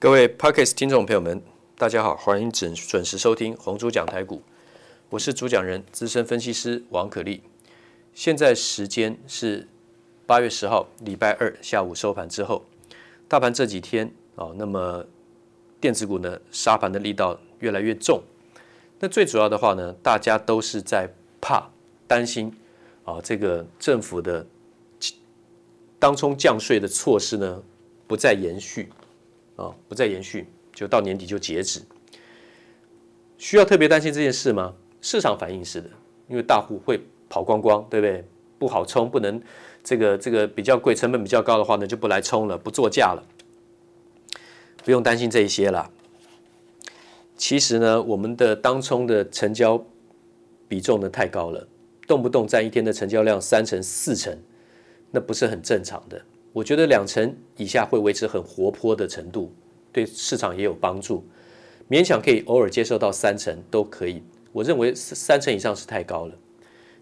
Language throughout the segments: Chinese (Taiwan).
各位 Podcast 聽眾朋友們，大家好，歡迎準準時收聽紅豬講台股，我是主講人資深分析師王可立。現在時間是八月十號禮拜二下午收盤之後，大盤這幾天啊、哦，那麼電子股呢殺盤的力道越來越重。那最主要的話呢，大家都是在怕擔心啊、哦，這個政府的當沖降稅的措施呢不再延續。啊、哦，不再延續，就到年底就截止。需要特別擔心這件事嗎？市場反應是的，因為大戶會跑光光，對不對？不好沖，不能，這個這個比較貴，成本比較高的話呢，就不來沖了，不做價了。不用擔心這一些了。其實呢，我們的當沖的成交比重呢太高了，動不動占一天的成交量三成四成，那不是很正常的。我覺得兩成以下會維持很活潑的程度，對市場也有幫助，勉強可以偶爾接受到三成都可以。我認為三三成以上是太高了，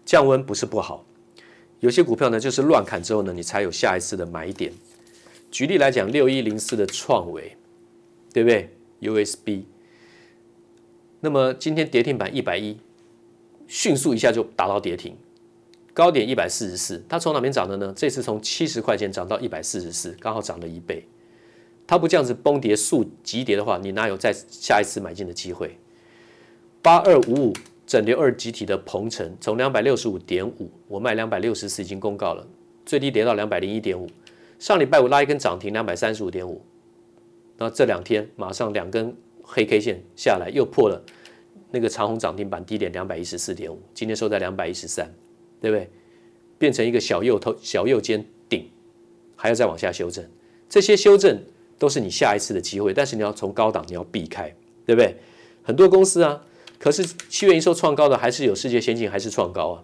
降溫不是不好，有些股票呢就是亂砍之後呢，你才有下一次的買點。舉例來講，六一零四的創惟，對不對？USB，那麼今天跌停板一百一，迅速一下就達到跌停。高點一百四十四，它從哪邊漲的呢？這次從七十塊錢漲到一百四十四，剛好漲了一倍。它不這樣子崩跌、速急跌的話，你哪有再下一次買進的機會？八二五五整流二極體的朋程，從兩百六十五點五，我賣兩百六十四已經公告了，最低跌到兩百零一點五。上禮拜五拉一根漲停兩百三十五點五，那這兩天馬上兩根黑 K 線下來又破了那個長紅漲停板低點兩百一十四點五，今天收在兩百一十三。對不對？變成一個小右頭、小右肩頂，還要再往下修正。這些修正都是你下一次的機會，但是你要從高檔，你要避開，對不對？很多公司啊，可是七月營收創高的還是有世界先進，還是創高啊。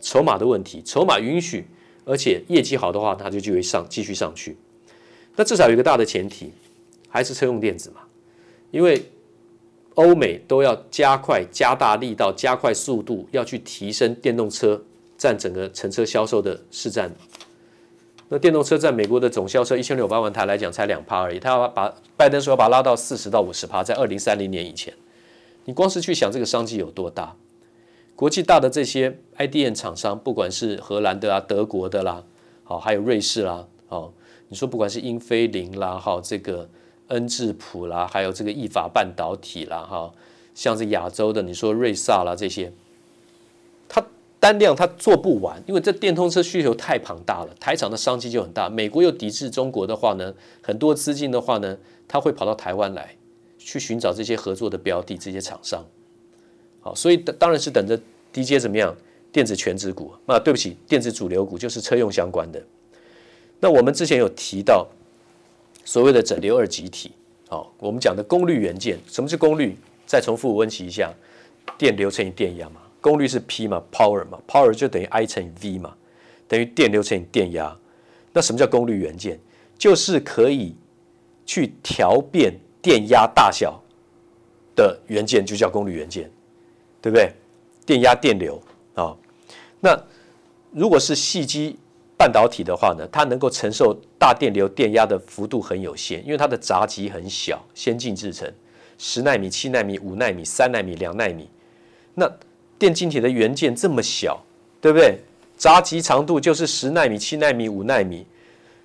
籌碼的問題，籌碼允許，而且業績好的話，它就就會上繼續上去。那至少有一個大的前提，還是車用電子嘛，因為歐美都要加快加大力道，加快速度，要去提升電動車。佔整個乘車銷售的市占。那電動車在美國的總銷售一千六百萬台來講才2，才兩趴而已。他要把拜登說要把他拉到四十到五十趴，在二零三零年以前，你光是去想這個商機有多大。國際大的這些 IDM 廠商，不管是荷蘭的啦、啊、德國的啦，好，還有瑞士啦，好，你說不管是英飛凌啦、哈這個恩智浦啦，還有這個意法半導體啦，哈，像是亞洲的，你說瑞薩啦這些。單量它做不完，因為這電動車需求太龐大了，台廠的商機就很大。美國又抵制中國的話呢，很多資金的話呢，它會跑到台灣來，去尋找這些合作的標的，這些廠商。好，所以當然是等着 D J 怎麼樣，電子權值股。那對不起，電子主流股就是車用相關的。那我們之前有提到所謂的整流二極體，好、哦，我們講的功率元件，什麼是功率？再重複溫習一下，電流乘以電壓嘛。功率是 P 嘛，Power 嘛，Power 就等於 I 乘以 V 嘛，等於電流乘以電壓。那什麼叫功率元件？就是可以去調變電壓大小的元件，就叫功率元件，對不對？電壓、電流啊、哦。那如果是矽基半導體的話呢，它能夠承受大電流、電壓的幅度很有限，因為它的閘極很小，先進製程十納米、七納米、五納米、三納米、兩納米，那。電晶體的元件這麼小，對不對？閘極長度就是十納米、七納米、五納米。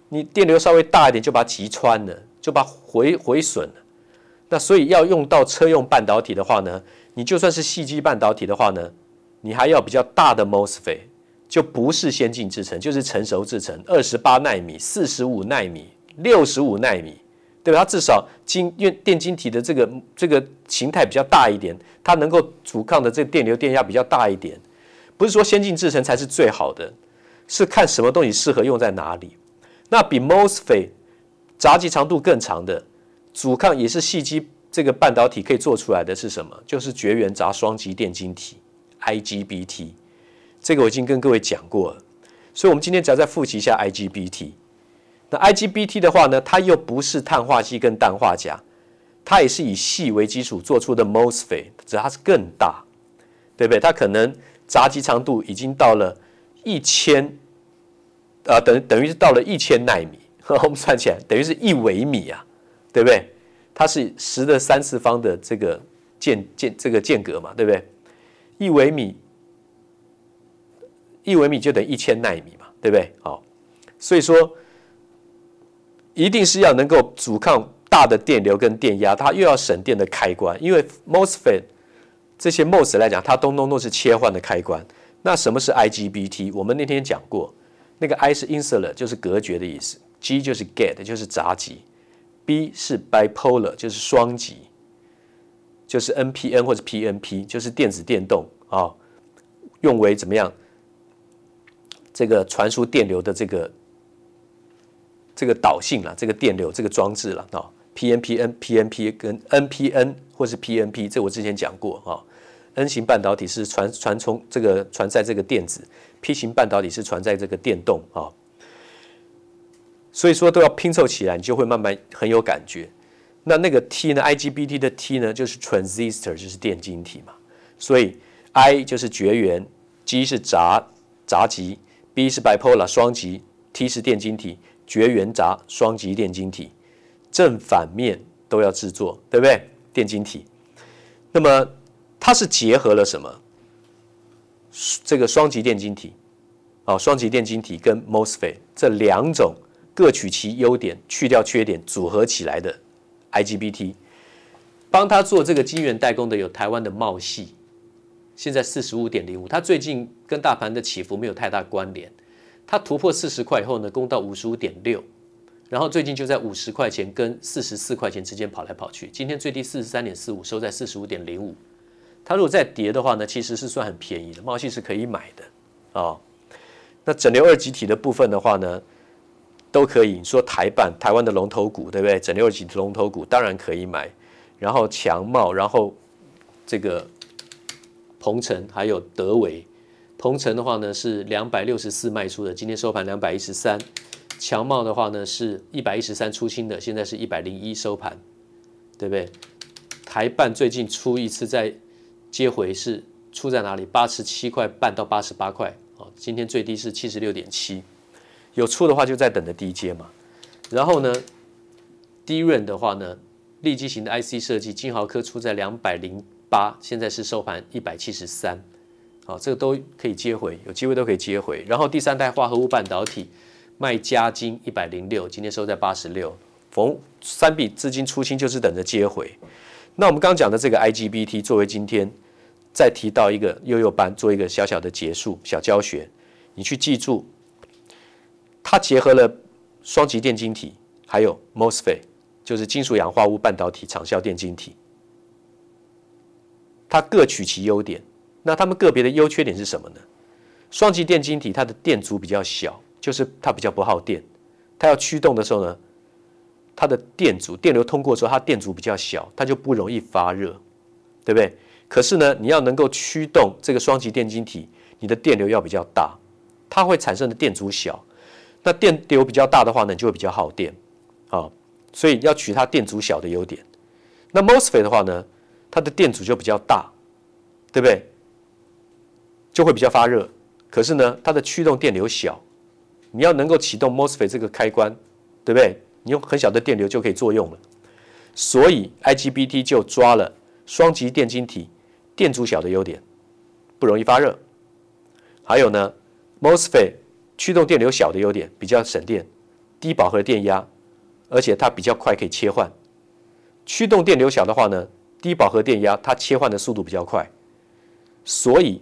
你電流稍微大一點，就把它擊穿了，就把它毀毀損了。那所以要用到車用半導體的話呢，你就算是矽晶半導體的話呢，你還要比較大的 MOSFET，就不是先進製程，就是成熟製程，二十八納米、四十五納米、六十五納米。對吧？它至少因為電晶體的這個這個形態比較大一點，它能夠阻抗的這個電流電壓比較大一點。不是說先進製程才是最好的，是看什麼東西適合用在哪裡。那比 MOSFET 閘極長度更長的阻抗也是矽晶這個半導體可以做出來的是什麼？就是絕緣閘雙極電晶體 IGBT。這個我已經跟各位講過了，所以我們今天只要再複習一下 IGBT。那 IGBT 的話呢，它又不是碳化硅跟氮化鎵，它也是以矽為基礎做出的 MOSFET，只它是更大，對不對？它可能閘極長度已經到了一千，啊，等等於是到了一千納米，呵呵我們算起來等於是一微米啊，對不對？它是十的三次方的這個間間這個間隔嘛，對不對？一微米，一微米就等於一千納米嘛，對不對？好，所以說。一定是要能夠阻抗大的電流跟電壓，它又要省電的開關。因為 mosfet 這些 mos t 來講，它通通都是切換的開關。那什麼是 igbt？我們那天講過，那個 i 是 insular，就是隔絕的意思；g 就是 gate，就是閘極，b 是 bipolar，就是雙極，就是 npn 或者 pnp，就是電子電動啊、哦，用為怎麼樣這個傳輸電流的這個。這個導性啦，這個電流，這個裝置了啊、哦。P N PN, P N P N P 跟 N P N 或是 P N P，這我之前講過啊、哦。N 型半導體是傳傳從這個傳載這個電子，P 型半導體是傳載這個電洞啊、哦。所以說都要拼湊起來，你就會慢慢很有感覺。那那個 T 呢？I G B T 的 T 呢，就是 transistor，就是電晶體嘛。所以 I 就是絕緣，G 是閘閘極，B 是 bipolar 雙極，T 是電晶體。絕緣閘雙極電晶體，正反面都要製作，對不對？電晶體，那麼它是結合了什麼？這個雙極電晶體，哦，雙極電晶體跟 MOSFET 這兩種各取其優點，去掉缺點，組合起來的 IGBT。幫他做這個晶圓代工的有台灣的茂矽，現在四十五點零五，它最近跟大盤的起伏沒有太大關聯。它突破四十塊以後呢，攻到五十五點六，然後最近就在五十塊錢跟四十四塊錢之間跑來跑去。今天最低四十三點四五，收在四十五點零五。它如果再跌的話呢，其實是算很便宜的，冒氣是可以買的啊、哦。那整流二極體的部分的話呢，都可以。你說台半，台灣的龍頭股對不對？整流二極體龍頭股當然可以買，然後強茂，然後這個朋程還有德微。宏成的話呢是兩百六十四賣出的，今天收盤兩百一十三。強茂的話呢是一百一十三出清的，現在是一百零一收盤，對不對？台半最近出一次再接回是出在哪裡？八十七塊半到八十八塊，哦，今天最低是七十六點七。有出的話就在等著低接嘛。然後呢，DRAM 的話呢，利基型的 IC 設計，晶豪科出在兩百零八，現在是收盤一百七十三。哦、這個都可以接回，有機會都可以接回。然後第三代化合物半導體，賣嘉晶一百零六，今天收在八十六，逢三筆資金出清，就是等着接回。那我們剛剛講的這個 IGBT，作為今天再提到一個幼幼班，做一個小小的結束小教學，你去記住，它結合了雙極電晶體，還有 MOSFET，就是金屬氧化物半導體場效電晶體，它各取其優點。那它們個別的優缺點是什麼呢？雙極電晶體它的電阻比較小，就是它比較不耗電。它要驅動的時候呢，它的電阻電流通過的時候，它電阻比較小，它就不容易發熱，對不對？可是呢，你要能夠驅動這個雙極電晶體，你的電流要比較大，它會產生的電阻小。那電流比較大的話呢，你就會比較耗電啊，哦。所以要取它電阻小的優點。那 MOSFET 的話呢，它的電阻就比較大，對不對？就會比較發熱，可是呢，它的驅動電流小，你要能夠啟動 MOSFET 這個開關，對不對？你用很小的電流就可以作用了，所以 IGBT 就抓了雙極電晶體電阻小的優點，不容易發熱。還有呢，MOSFET 驅動電流小的優點，比較省電，低飽和電壓，而且它比較快可以切換。驅動電流小的話呢，低飽和電壓，它切換的速度比較快，所以。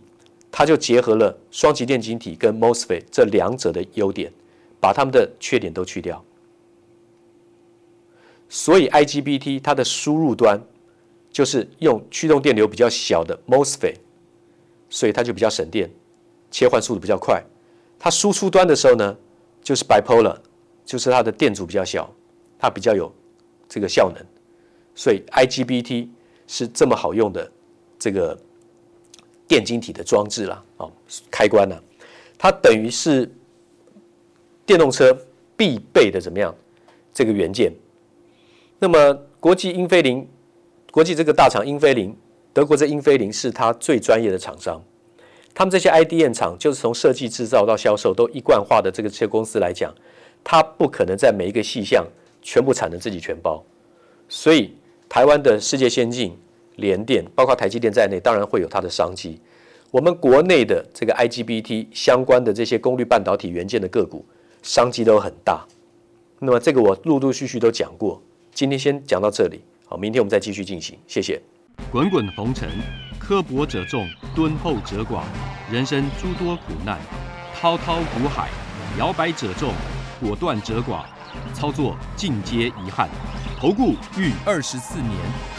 它就結合了雙極電晶體跟 MOSFET 這兩者的優點，把它們的缺點都去掉。所以 IGBT 它的輸入端就是用驅動電流比較小的 MOSFET，所以它就比較省電，切換速度比較快。它輸出端的時候呢，就是 bipolar，就是它的電阻比較小，它比較有這個效能。所以 IGBT 是這麼好用的這個。電晶體的裝置啦、啊，哦，開關呢、啊，它等於是電動車必備的怎麼樣這個元件？那麼國際英飛凌，國際這個大廠英飛凌德國的英飛凌是它最專業的廠商。他們這些 IDM 廠，就是從設計製造到銷售都一貫化的這個些公司來講，它不可能在每一個細項全部產能自己全包。所以，台灣的世界先進。聯電、包括台積電在內，當然會有它的商機。我們國內的這個 IGBT 相關的這些功率半導體元件的個股，商機都很大。那麼這個我陸陸續續都講過，今天先講到這裡。好，明天我們再繼續進行。謝謝。滾滾紅塵，刻薄者眾，敦厚者寡；人生諸多苦難，滔滔古海，搖擺者眾，果斷者寡，操作盡皆遺憾。投顧逾二十四年。